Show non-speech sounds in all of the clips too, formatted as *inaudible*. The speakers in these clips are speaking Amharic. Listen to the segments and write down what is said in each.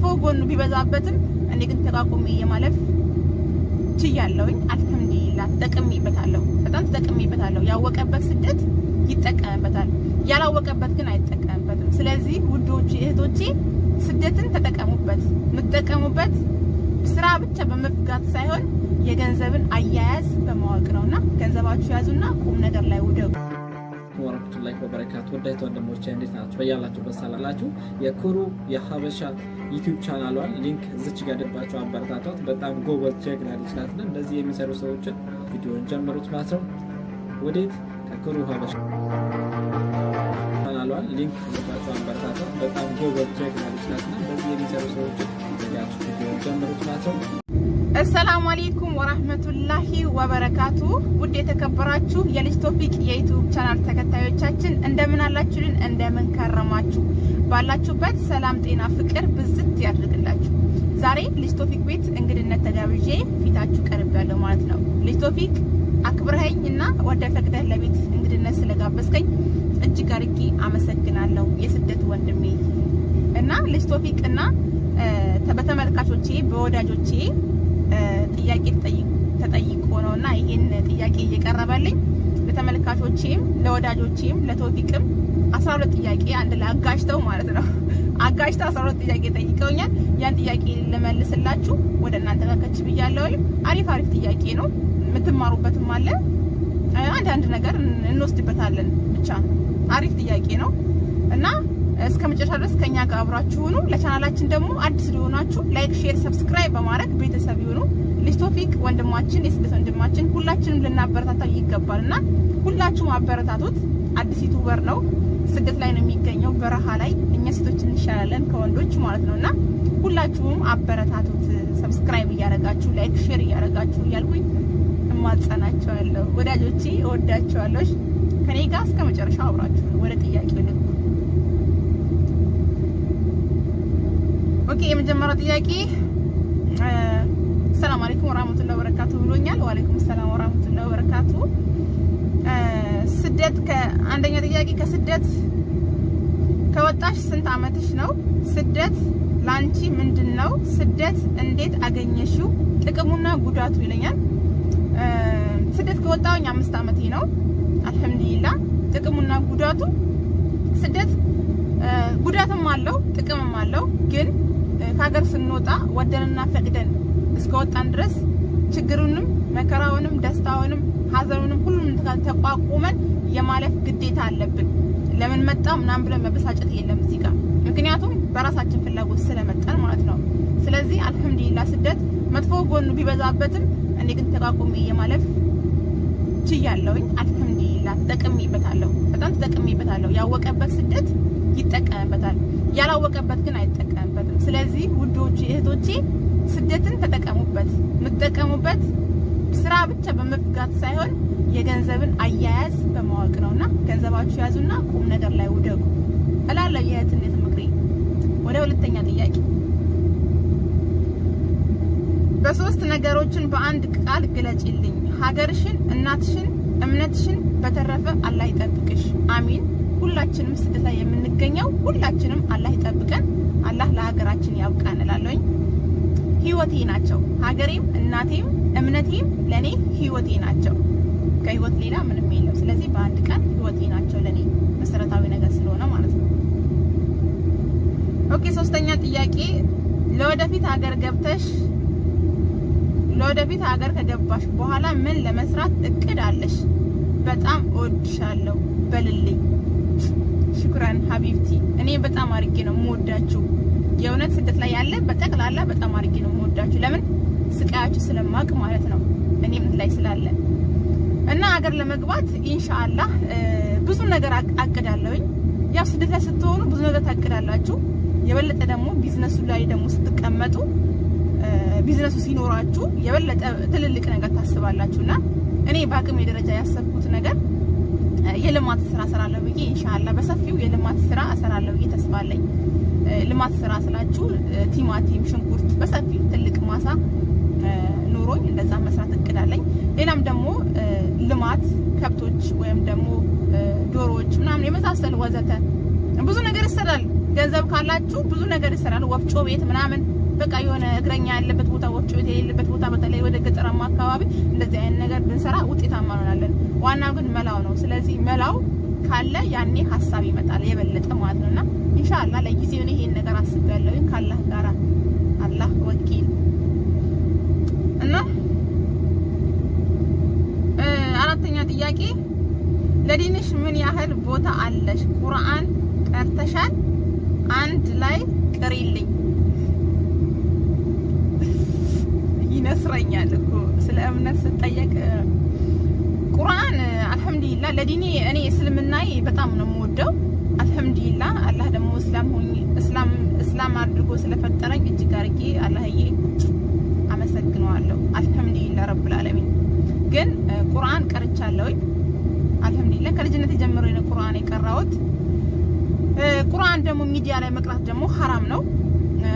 መጥፎ ጎኑ ቢበዛበትም እኔ ግን ተቋቁሜ የማለፍ ችያለሁኝ። አልሐምዱሊላ ተጠቅሜበታለሁ፣ በጣም ተጠቅሜበታለሁ። ያወቀበት ስደት ይጠቀምበታል፣ ያላወቀበት ግን አይጠቀምበትም። ስለዚህ ውዶች እህቶቼ ስደትን ተጠቀሙበት። የምትጠቀሙበት ስራ ብቻ በመፍጋት ሳይሆን የገንዘብን አያያዝ በማወቅ ነውና ገንዘባችሁ ያዙና ቁም ነገር ላይ ውደቁ። ወረህመቱላሂ ወበረካቱ ወዳጅ ወንድሞቼ እንዴት ናችሁ? በያላችሁበት በሰላላችሁ የኩሩ የሀበሻ ዩቲዩብ ቻናሏን ሊንክ እዚች ጋር አበረታታት በጣም ጎበዝ ቼክ ልጅ ናት። እንደዚህ የሚሰሩ ሰዎችን ቪዲዮን ጀምሩት ማለት ነው። ወዴት ከክሩ ሀበሻ ቻናሏን ሊንክ እዚባቸው አበረታታት በጣም ጎበዝ ቼክ ልጅ ናት። እንደዚህ የሚሰሩ ሰዎችን ቪዲዮን ጀምሩት ማለት ነው። አሰላሙ አሌይኩም ወረህመቱላሂ ወበረካቱ። ውድ የተከበራችሁ የልጅ ቶፊቅ የዩቲዩብ ቻናል ተከታዮቻችን እንደምን አላችሁልን? እንደምን ከረማችሁ? ባላችሁበት ሰላም፣ ጤና፣ ፍቅር ብዝት ያድርግላችሁ። ዛሬ ልጅ ቶፊቅ ቤት እንግድነት ተጋብዤ ፊታችሁ ቀርብ ቀርቤያለሁ ማለት ነው። ልጅ ቶፒክ አክብረኸኝ እና ወደ ፈቅደህ ለቤት እንግድነት ስለጋበዝከኝ እጅግ አድርጌ አመሰግናለሁ የስደት ወንድሜ እና ልጅ ቶፒክ እና በተመልካቾቼ በወዳጆቼ ጥያቄ ተጠይቆ ነው እና ይህን ጥያቄ እየቀረበልኝ ለተመልካቾቼም ለወዳጆቼም ለቶፊቅም አስራ ሁለት ጥያቄ አንድ ላይ አጋጅተው ማለት ነው *laughs* አጋጅተው አስራ ሁለት ጥያቄ ጠይቀውኛል። ያን ጥያቄ ልመልስላችሁ ወደ እናንተ ከች ብያለሁ። አሪፍ አሪፍ ጥያቄ ነው፣ የምትማሩበትም አለ አንዳንድ ነገር እንወስድበታለን። ብቻ አሪፍ ጥያቄ ነው እና እስከ መጨረሻ ድረስ ከኛ ጋር አብራችሁ ሁኑ። ለቻናላችን ደግሞ አዲስ ሊሆናችሁ ላይክ፣ ሼር፣ ሰብስክራይብ በማድረግ ቤተሰብ ይሁኑ። ልጅ ቶፊቅ ወንድማችን፣ የስደት ወንድማችን ሁላችንም ልናበረታታው ይገባል እና ሁላችሁም አበረታቱት። አዲስ ዩቱበር ነው። ስደት ላይ ነው የሚገኘው፣ በረሃ ላይ። እኛ ሴቶች እንሻላለን ከወንዶች ማለት ነው እና ሁላችሁም አበረታቱት። ሰብስክራይብ እያደረጋችሁ ላይክ፣ ሼር እያደረጋችሁ እያልኩኝ እማጸናቸዋለሁ። ወዳጆቼ እወዳቸዋለሁ። ከኔ ጋር እስከ መጨረሻው አብራችሁ ወደ ጥያቄ ኦኬ የመጀመሪያው ጥያቄ ሰላም አለይኩም ወራህመቱላሂ ወበረካቱ ብሎኛል። ወአለይኩም ሰላም ወራህመቱላሂ ወበረካቱ። ስደት ከአንደኛ ጥያቄ ከስደት ከወጣሽ ስንት አመትሽ ነው? ስደት ላንቺ ምንድን ነው? ስደት እንዴት አገኘሽው? ጥቅሙና ጉዳቱ ይለኛል። ስደት ከወጣሁኝ አምስት አመቴ ነው። አልሐምዱሊላ ጥቅሙና ጉዳቱ ስደት ጉዳትም አለው ጥቅምም አለው ግን ከሀገር ስንወጣ ወደንና ፈቅደን እስከወጣን ድረስ ችግሩንም መከራውንም ደስታውንም ሀዘኑንም ሁሉንም ተቋቁመን የማለፍ ግዴታ አለብን። ለምን መጣ ምናምን ብለን መበሳጨት የለም እዚህ ጋር ምክንያቱም በራሳችን ፍላጎት ስለመጣን ማለት ነው። ስለዚህ አልሐምዱሊላ ስደት መጥፎ ጎኑ ቢበዛበትም እኔ ግን ተቋቁሜ የማለፍ ችያለሁኝ። አልሐምዱሊላ ተጠቅሜበታለሁ። በጣም ተጠቅሜበታለሁ። ያወቀበት ስደት ይጠቀምበታል፣ ያላወቀበት ግን አይጠቀምበትም። ስለዚህ ውዶች እህቶቼ ስደትን ተጠቀሙበት። የምትጠቀሙበት ስራ ብቻ በመፍጋት ሳይሆን የገንዘብን አያያዝ በማወቅ ነውና ገንዘባችሁ ያዙና ቁም ነገር ላይ ውደጉ እላለሁ የእህትነት ምክሬ። ወደ ሁለተኛ ጥያቄ በሶስት ነገሮችን በአንድ ቃል ግለጭልኝ፦ ሀገርሽን፣ እናትሽን፣ እምነትሽን በተረፈ አላህ ይጠብቅሽ። አሚን። ሁላችንም ስደት ላይ የምንገኘው ሁላችንም አላህ ይጠብቀን። አላህ ለሀገራችን ያብቃን እላለሁኝ። ህይወቴ ናቸው። ሀገሬም፣ እናቴም፣ እምነቴም ለእኔ ህይወቴ ናቸው። ከህይወት ሌላ ምንም የለም። ስለዚህ በአንድ ቀን ህይወቴ ናቸው ለእኔ መሰረታዊ ነገር ስለሆነ ማለት ነው። ኦኬ፣ ሶስተኛ ጥያቄ ለወደፊት ሀገር ገብተሽ ለወደፊት ሀገር ከገባሽ በኋላ ምን ለመስራት እቅድ አለሽ? በጣም እወድሻለሁ በልልኝ። ሽኩረን ሀቢብቲ። እኔ በጣም አድርጌ ነው የምወዳችሁ። የእውነት ስደት ላይ ያለ በጠቅላላ በጣም አድርጌ ነው የምወዳችሁ። ለምን ስቃያችሁ ስለማቅ ማለት ነው። እኔም ላይ ስላለ እና አገር ለመግባት ኢንሻአላህ ብዙ ነገር አቅዳለሁኝ። ያው ስደት ላይ ስትሆኑ ብዙ ነገር ታቅዳላችሁ። የበለጠ ደግሞ ቢዝነሱ ላይ ደግሞ ስትቀመጡ ቢዝነሱ ሲኖራችሁ የበለጠ ትልልቅ ነገር ታስባላችሁና እኔ በአቅሜ ደረጃ ያሰብኩት ነገር የልማት ስራ እሰራለሁ ብዬ ኢንሻአላህ በሰፊው የልማት ስራ እሰራለሁ ብዬ ተስፋ አለኝ። ልማት ስራ ስላችሁ ቲማቲም፣ ሽንኩርት በሰፊው ትልቅ ማሳ ኑሮኝ እንደዛ መስራት እቅዳለኝ። ሌላም ደግሞ ልማት ከብቶች ወይም ደግሞ ዶሮዎች ምናምን የመሳሰሉ ወዘተ ብዙ ነገር ይሰራል። ገንዘብ ካላችሁ ብዙ ነገር ይሰራል። ወፍጮ ቤት ምናምን በቃ የሆነ እግረኛ ያለበት ቦታ ወፍጮ ቤት የሌለበት ቦታ በተለይ ወደ ገጠራማ አካባቢ እንደዚህ አይነት ነገር ብንሰራ ውጤታማ እንሆናለን። ዋናው ግን መላው ነው። ስለዚህ መላው ካለ ያኔ ሀሳብ ይመጣል የበለጠ ማለት ነውና ኢንሻአላ ለጊዜው ነው ይሄን ነገር አስቤያለሁ ካላህ ጋራ አላህ ወኪል እና አራተኛ ጥያቄ ለዲንሽ ምን ያህል ቦታ አለሽ? ቁርአን ቀርተሻል? አንድ ላይ ቅሪልኝ ይነስረኛል እኮ ስለ እምነት ስጠየቅ ቁርአን አልሐምዱሊላ ለዲኔ እኔ እስልምናይ በጣም ነው የምወደው። አልሐምዱሊላ አላህ ደግሞ እስላም ሆኜ እስላም እስላም አድርጎ ስለፈጠረኝ እጅግ አድርጌ አላህዬ አመሰግነዋለሁ። አልሐምዱሊላ ረብል ዓለሚን። ግን ቁርአን ቀርቻለሁ። አልሐምዱሊላ ከልጅነት ጀምሮ ነው ቁርአን የቀራሁት። ቁርአን ደግሞ ሚዲያ ላይ መቅራት ደግሞ ሀራም ነው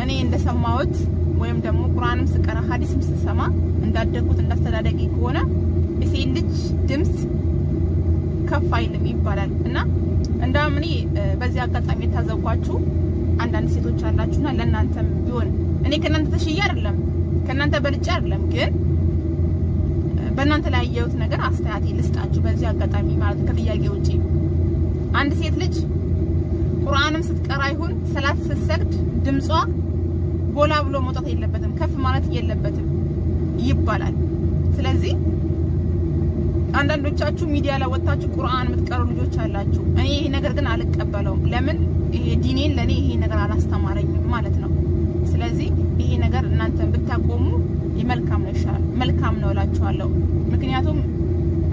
እኔ እንደሰማሁት ወይም ደግሞ ቁርአንም ስቀራ ሀዲስም ስሰማ እንዳደግኩት እንዳስተዳደጊ ከሆነ የሴት ልጅ ድምፅ ከፍ አይልም ይባላል እና እንዳውም እኔ በዚህ አጋጣሚ የታዘብኳችሁ አንዳንድ ሴቶች አላችሁና ለእናንተም ቢሆን እኔ ከእናንተ ተሽዬ አይደለም ከእናንተ በልጬ አይደለም ግን በእናንተ ላይ ያየሁት ነገር አስተያየት ልስጣችሁ በዚህ አጋጣሚ ማለት ከጥያቄ ውጪ አንድ ሴት ልጅ ቁርአንም ስትቀራ ይሁን ሰላት ስትሰግድ ድምጿ ጎላ ብሎ መውጣት የለበትም ከፍ ማለት የለበትም ይባላል። ስለዚህ አንዳንዶቻችሁ ሚዲያ ላይ ወጥታችሁ ቁርአን የምትቀሩ ልጆች አላችሁ። እኔ ይሄ ነገር ግን አልቀበለውም። ለምን ይሄ ዲኔን ለእኔ ይሄ ነገር አላስተማረኝም ማለት ነው። ስለዚህ ይሄ ነገር እናንተ ብታቆሙ መልካም ነው ይሻላል፣ መልካም ነው እላችኋለሁ። ምክንያቱም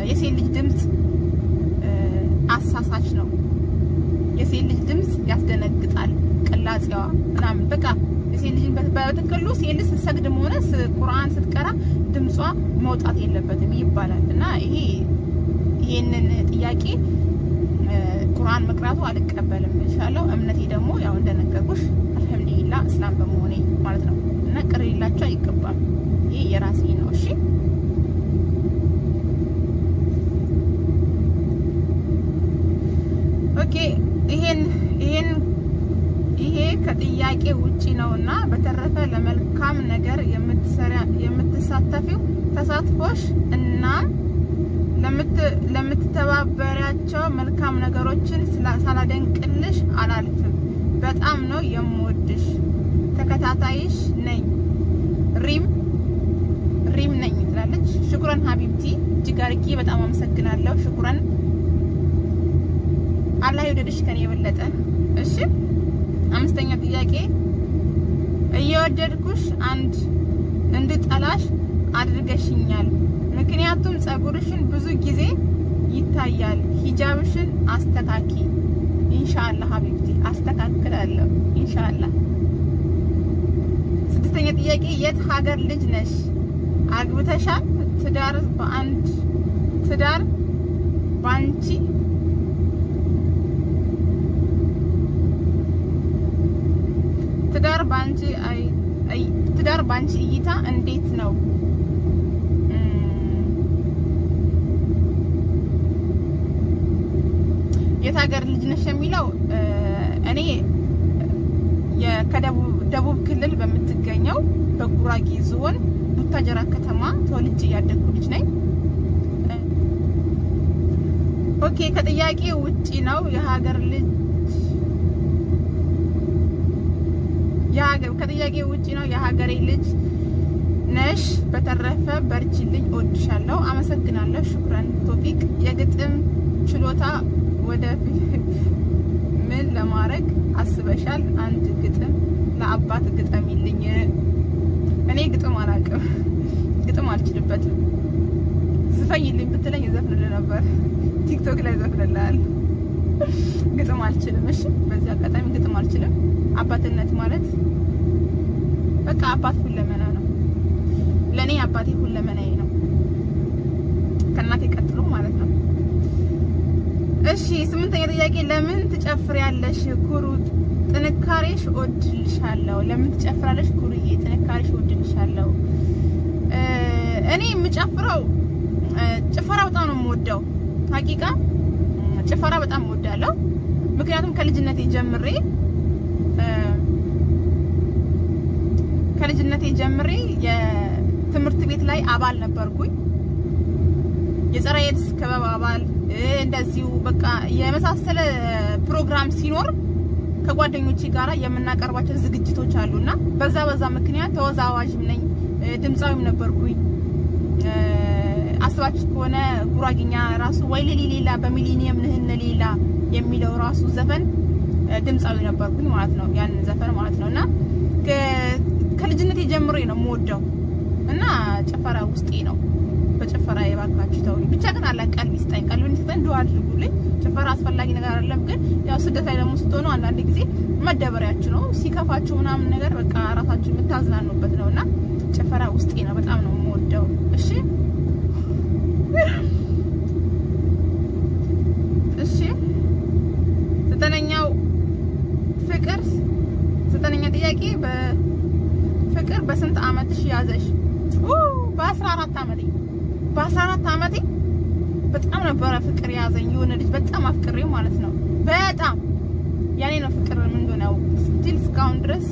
የሴት ልጅ ድምፅ አሳሳች ነው። የሴት ልጅ ድምፅ ያስደነግጣል። ቅላጼዋ ምናምን በቃ ሴት በጥቅሉ ሴት ልጅ ስትሰግድም ሆነ ቁርአን ስትቀራ ድምጿ መውጣት የለበትም ይባላል እና ይሄ ይህንን ጥያቄ ቁርአን መቅራቱ አልቀበልም ይሻለው። እምነቴ ደግሞ ያው እንደነገርኩሽ አልሐምዱሊላ እስላም በመሆኔ ማለት ነው እና ቅር ሊላቸው አይገባም። ይህ የራሴ ነው። እሺ ኦኬ ይሄን ይሄን ይሄ ከጥያቄ ውጪ ነውና በተረፈ ለመልካም ነገር የምትሳተፊው ተሳትፎሽ እና ለምትተባበሪያቸው መልካም ነገሮችን ሳላደንቅልሽ አላልፍም። በጣም ነው የምወድሽ። ተከታታይሽ ነኝ። ሪም ሪም ነኝ ትላለች። ሽኩረን ሀቢብቲ እጅግ በጣም አመሰግናለሁ። ሽኩረን አላህ ይወደድሽ ከኔ የበለጠ እሺ። አምስተኛ ጥያቄ እየወደድኩሽ አንድ እንድጠላሽ አድርገሽኛል። ምክንያቱም ጸጉርሽን ብዙ ጊዜ ይታያል። ሂጃብሽን አስተካኪ። ኢንሻአላህ ሀቢብቲ አስተካክላለሁ ኢንሻአላህ። ስድስተኛ ጥያቄ የት ሀገር ልጅ ነሽ? አግብተሻል? ትዳር በአንድ ትዳር ባንቺ ትዳር ባንቺ እይታ እንዴት ነው? የት ሀገር ልጅ ነሽ የሚለው እኔ ከደቡብ ክልል በምትገኘው በጉራጌ ዞን ቡታጀራ ከተማ ተወልጄ ያደግኩ ልጅ ነኝ። ኦኬ ከጥያቄ ውጪ ነው የሀገር ልጅ ከጥያቄ ውጭ ነው። የሀገሬ ልጅ ነሽ። በተረፈ በርችልኝ፣ እወድሻለሁ። አመሰግናለሁ። ሹክረን። ቶፒክ የግጥም ችሎታ ወደፊት ምን ለማድረግ አስበሻል? አንድ ግጥም ለአባት ግጠሚልኝ። እኔ ግጥም አላውቅም፣ ግጥም አልችልበትም። ዝፈኝልኝ ብትለኝ ዘፍንል ነበር። ቲክቶክ ላይ ዘፍንልሃል። ግጥም አልችልም። እሺ፣ በዚህ አጋጣሚ ግጥም አልችልም። አባትነት ማለት በቃ አባት ሁለመና ነው። ለእኔ አባቴ ሁለመናዬ ነው፣ ከእናቴ ቀጥሎ ማለት ነው። እሺ፣ ስምንተኛ ጥያቄ ለምን ትጨፍሪያለሽ? ኩሩ ጥንካሬሽ እወድልሻለሁ። ለምን ትጨፍራለሽ? ኩሩዬ ጥንካሬሽ እወድልሻለሁ። እኔ የምጨፍረው ጭፈራ በጣም ነው የምወደው ሀቂቃ ጭፈራ በጣም እወዳለሁ። ምክንያቱም ከልጅነቴ ጀምሬ ከልጅነቴ ጀምሬ የትምህርት ቤት ላይ አባል ነበርኩኝ። የጸረ ኤድስ ክበብ አባል እንደዚሁ በቃ የመሳሰለ ፕሮግራም ሲኖር ከጓደኞቼ ጋራ የምናቀርባቸው ዝግጅቶች አሉና በዛ በዛ ምክንያት ተወዛዋዥም ነኝ፣ ድምፃዊም ነበርኩኝ። አስባችሁ ከሆነ ጉራጌኛ ራሱ ወይሌሌ ሌላ በሚሊኒየም ንህነ ሌላ የሚለው ራሱ ዘፈን ድምፃዊ ነበርኩኝ ማለት ነው። ያንን ዘፈን ማለት ነው እና ከልጅነት ጀምሮ ነው የምወደው እና ጭፈራ ውስጤ ነው። በጭፈራ የባካችሁ ተውኝ። ብቻ ግን አላ ቀልብ ይስጠኝ፣ ቀልብ ይስጠኝ፣ ዱአ አድርጉልኝ። ጭፈራ አስፈላጊ ነገር አይደለም፣ ግን ያው ስደት ላይ ደግሞ ስትሆኑ አንዳንድ ጊዜ መደበሪያችሁ ነው። ሲከፋችሁ ምናምን ነገር በቃ ራሳችሁ የምታዝናኑበት ነው እና ጭፈራ ውስጤ ነው። በጣም ነው የምወደው። እሺ እሺ ዘጠነኛው ፍቅር ዘጠነኛ ጥያቄ በፍቅር በስንት አመትሽ ያዘሽ? በአስራ አራት አመቴ በአስራ አራት አመቴ በጣም ነበረ ፍቅር የያዘኝ የሆነ ልጅ በጣም አፍቅሬ ማለት ነው። በጣም ያኔ ነው ፍቅር ምን እንደሆነ ያወቅሁት። ስቲል እስካሁን ድረስ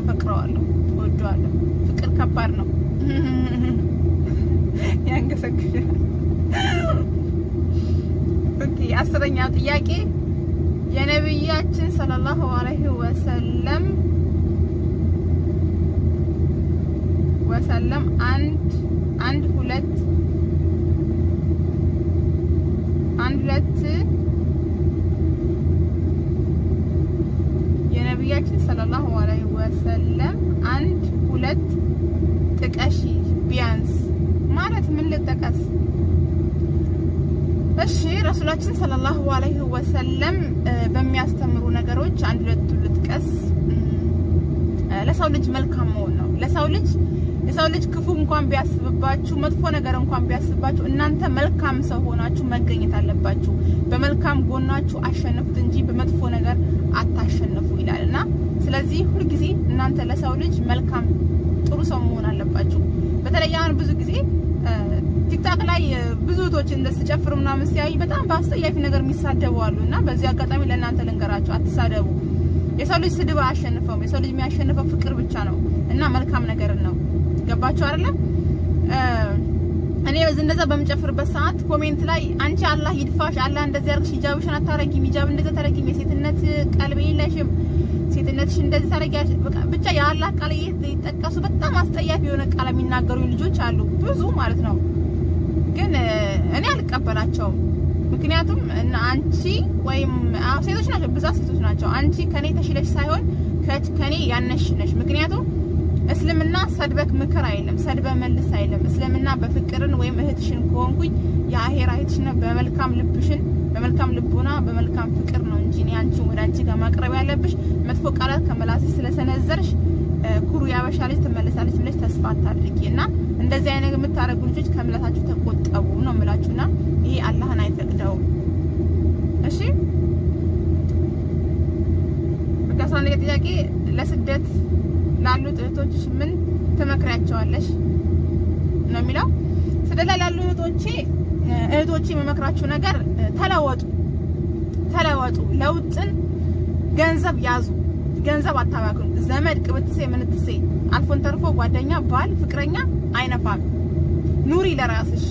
አፈቅረዋለሁ፣ እወደዋለሁ። ፍቅር ከባድ ነው። *laughs* ያንገሰግሻል። ኦኬ አስረኛው ጥያቄ የነብያችን ሰለላሁ ዐለይሂ ወሰለም ወሰለም አንድ አንድ ሁለት አንድ ሁለት የነብያችን ሰለላሁ ዐለይሂ ወሰለም አንድ ሁለት ጥቀሺ ቢያንስ ማለት ምን ልጠቀስ? እሺ ረሱላችን ሰለላሁ አለይሂ ወሰለም በሚያስተምሩ ነገሮች አንድ ሁለቱ ልጥቀስ። ለሰው ልጅ መልካም መሆን ነው። ለሰው ልጅ የሰው ልጅ ክፉ እንኳን ቢያስብባችሁ፣ መጥፎ ነገር እንኳን ቢያስብባችሁ፣ እናንተ መልካም ሰው ሆናችሁ መገኘት አለባችሁ። በመልካም ጎናችሁ አሸንፉት እንጂ በመጥፎ ነገር አታሸንፉ ይላል እና ስለዚህ ሁልጊዜ እናንተ ለሰው ልጅ መልካም ጥሩ ሰው መሆን አለባችሁ። በተለይ አሁን ብዙ ጊዜ ቲክታክ ላይ ብዙ ቶች እንደስጨፍሩ ምናምን ሲያዩ በጣም በአስጠያፊ ነገር የሚሳደቡ አሉ እና በዚህ አጋጣሚ ለእናንተ ልንገራቸው፣ አትሳደቡ። የሰው ልጅ ስድብ አያሸንፈውም። የሰው ልጅ የሚያሸንፈው ፍቅር ብቻ ነው እና መልካም ነገር ነው። ገባችሁ አይደለም? እኔ በዚህ እንደዛ በምጨፍርበት ሰዓት ኮሜንት ላይ አንቺ አላህ ይድፋሽ፣ አላህ እንደዚህ ያርግሽ፣ ሂጃብሽን አታረጊም፣ ሂጃብ እንደዛ ታረጊም፣ የሴትነት ቀልብ የለሽም ሴትነትሽ እንደዚህ ታደርጊያለሽ። ብቻ የአላህ ቃል እየተጠቀሱ በጣም አስጠያፊ የሆነ ቃል የሚናገሩ ልጆች አሉ ብዙ ማለት ነው። ግን እኔ አልቀበላቸውም። ምክንያቱም እና አንቺ ወይም ሴቶች ናቸው ብዛት ሴቶች ናቸው። አንቺ ከኔ ተሽለሽ ሳይሆን ከኔ ያነሽ ነሽ። ምክንያቱም እስልምና ሰድበክ ምክር አይልም፣ ሰድበ መልስ አይልም። እስልምና በፍቅርን ወይም እህትሽን ከሆንኩኝ የአሄራ እህትሽን በመልካም ልብሽን በመልካም ልቡና በመልካም ፍቅር ነው እንጂ እኔ አንቺን ወደ አንቺ ጋር ማቅረብ ያለብሽ መጥፎ ቃላት ከመላስሽ ስለሰነዘርሽ ኩሩ ያበሻ ልጅ ትመለሳለች ብለሽ ተስፋ አታድርጊ እና እንደዚህ አይነት የምታደርጉ ልጆች ከምላሳችሁ ተቆጠቡ ነው የምላችሁና ይሄ አላህን አይፈቅደውም። እሺ በቃ ጥያቄ ለስደት ላሉት እህቶችሽ ምን ትመክሪያቸዋለሽ ነው የሚለው። ስደት ላይ ላሉ እህቶቼ እህቶቼ የምመክራችሁ ነገር ተለወጡ። ተለወጡ። ለውጥን ገንዘብ ያዙ፣ ገንዘብ አታባክኑ። ዘመድ ቅብትሴ ምንትሴ፣ አልፎን ተርፎ ጓደኛ፣ ባል፣ ፍቅረኛ አይነፋም። ኑሪ ለራስሽ።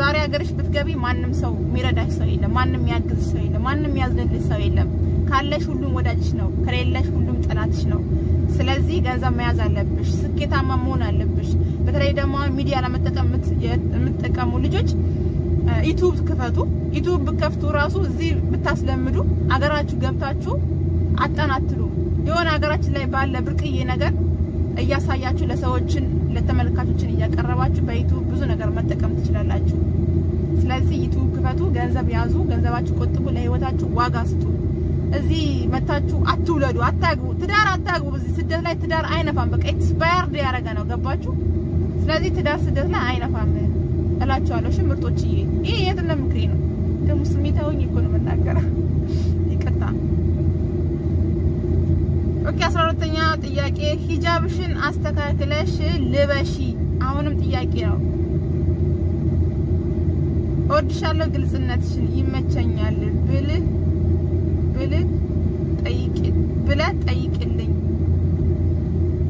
ዛሬ ሀገርሽ ብትገቢ ማንም ሰው የሚረዳሽ ሰው የለም፣ ማንም የሚያግዝሽ ሰው የለም፣ ማንም የሚያዝንልሽ ሰው የለም። ካለሽ ሁሉም ወዳጅሽ ነው፣ ከሌለሽ ሁሉም ጠላትሽ ነው። ስለዚህ ገንዘብ መያዝ አለብሽ። ስኬታማ መሆን አለብሽ። በተለይ ደግሞ ሚዲያ ለመጠቀም የምትጠቀሙ ልጆች ዩቲዩብ ክፈቱ። ዩቲዩብ ብከፍቱ ራሱ እዚህ ብታስለምዱ አገራችሁ ገብታችሁ አጠናትሉ። የሆነ አገራችን ላይ ባለ ብርቅዬ ነገር እያሳያችሁ ለሰዎችን ለተመልካቾችን እያቀረባችሁ በዩቲዩብ ብዙ ነገር መጠቀም ትችላላችሁ። ስለዚህ ዩቲዩብ ክፈቱ፣ ገንዘብ ያዙ፣ ገንዘባችሁ ቆጥቡ፣ ለህይወታችሁ ዋጋ ስጡ። እዚህ መታችሁ አትውለዱ፣ አታግቡ፣ ትዳር አታግቡ። እዚህ ስደት ላይ ትዳር አይነፋም። በቃ ኤክስፓየርድ ያደረገ ነው። ገባችሁ? ስለዚህ ትዳር ስደት ላይ አይነፋም። እላቸዋለሁ። ሽምርቶች ይሄ ይሄ የትነ ምክሬ ነው ደግሞ ስሜታውኝ እኮ ነው የምናገረው። ይቅርታ። ኦኬ፣ አስራ ሁለተኛ ጥያቄ ሂጃብሽን አስተካክለሽ ልበሺ። አሁንም ጥያቄ ነው። እወድሻለሁ፣ ግልጽነትሽን ይመቸኛል ብልህ ብልህ ጠይቂ ብለህ ጠይቂልኝ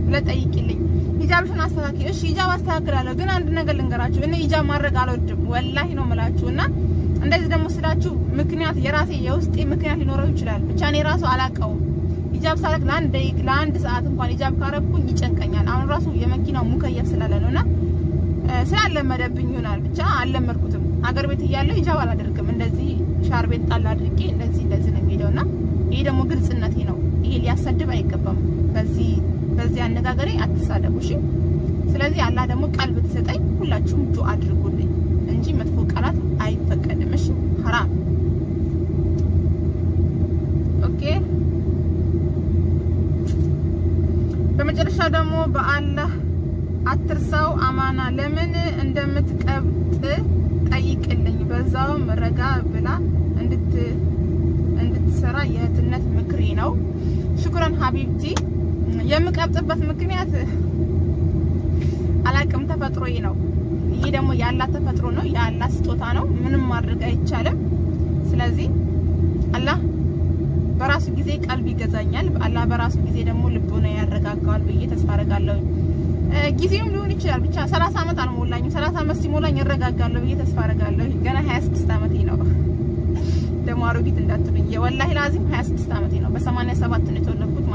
ብለህ ጠይቂልኝ ሂጃብሽን አስተካክል። እሺ ሂጃብ አስተካክላለሁ፣ ግን አንድ ነገር ልንገራችሁ፣ እኔ ሂጃብ ማድረግ አልወድም፣ ወላሂ ነው የምላችሁ። እና እንደዚህ ደግሞ ስላችሁ ምክንያት የራሴ የውስጤ ምክንያት ሊኖረው ይችላል። ብቻ እኔ ራሱ አላውቀውም። ሂጃብ ሳደርግ ለአንድ ደቂቃ ለአንድ ሰዓት እንኳን ሂጃብ ካረግኩኝ ይጨንቀኛል። አሁን ራሱ የመኪናው ሙከየፍ ስላለ ነው እና ስላለመደብኝ ይሆናል። ብቻ አልለመድኩትም። አገር ቤት እያለሁ ሂጃብ አላደርግም። እንደዚህ ሻርቤት ጣል አድርጌ እንደዚህ እንደዚህ ነው የሚሄደው እና ይሄ ደግሞ ግልጽነቴ ነው። ይሄ ሊያሰድብ አይገባም በዚህ በዚህ አነጋገሬ አትሳደቡሽ። ስለዚህ አላህ ደግሞ ቀልብ ትሰጠኝ። ሁላችሁም ዱ አድርጉልኝ እንጂ መጥፎ ቃላት አይፈቀድም። እሺ ሐራም ኦኬ። በመጨረሻ ደግሞ በአላህ አትርሳው አማና ለምን እንደምትቀብጥ ጠይቅልኝ፣ በዛው ረጋ ብላ እንድትሰራ የእህትነት ምክሪ ነው። ሽኩረን ሀቢብቲ የምቀብጥበት ምክንያት አላቅም፣ ተፈጥሮዬ ነው። ይሄ ደግሞ የአላህ ተፈጥሮ ነው፣ የአላህ ስጦታ ነው። ምንም ማድረግ አይቻልም። ስለዚህ አላህ በራሱ ጊዜ ቀልብ ይገዛኛል። አላህ በራሱ ጊዜ ደግሞ ልቦና ያረጋጋዋል ብዬ ተስፋ አደርጋለሁ። ጊዜውም ሊሆን ይችላል። ብቻ 30 አመት አልሞላኝም። 30 አመት ሲሞላኝ እረጋጋለሁ ብዬ ተስፋ አደርጋለሁ። ገና 26 ዓመቴ ነው። ደግሞ አሮጊት እንዳትሉኝ። ወላሂ ላዚም 26 ዓመቴ ነው። በ87 ነው የተወለድኩት።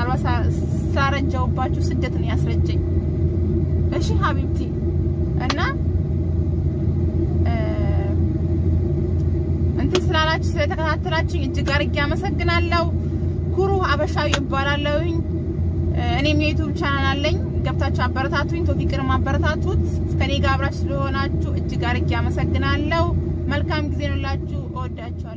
ምናልባት ሳረጃውባችሁ ስደት ነው ያስረጀኝ። እሺ ሀቢብቲ እና እንትን ስላላችሁ ስለተከታተላችሁኝ እጅግ አድርጌ አመሰግናለሁ። ኩሩ አበሻው ይባላለሁኝ። እኔም የዩቲዩብ ቻናል አለኝ። ገብታችሁ አበረታቱኝ። ቶፊቅንም አበረታቱት። ከኔ ጋር አብራችሁ ስለሆናችሁ እጅግ አመሰግናለሁ። መልካም ጊዜ ነው እወዳችኋለሁ።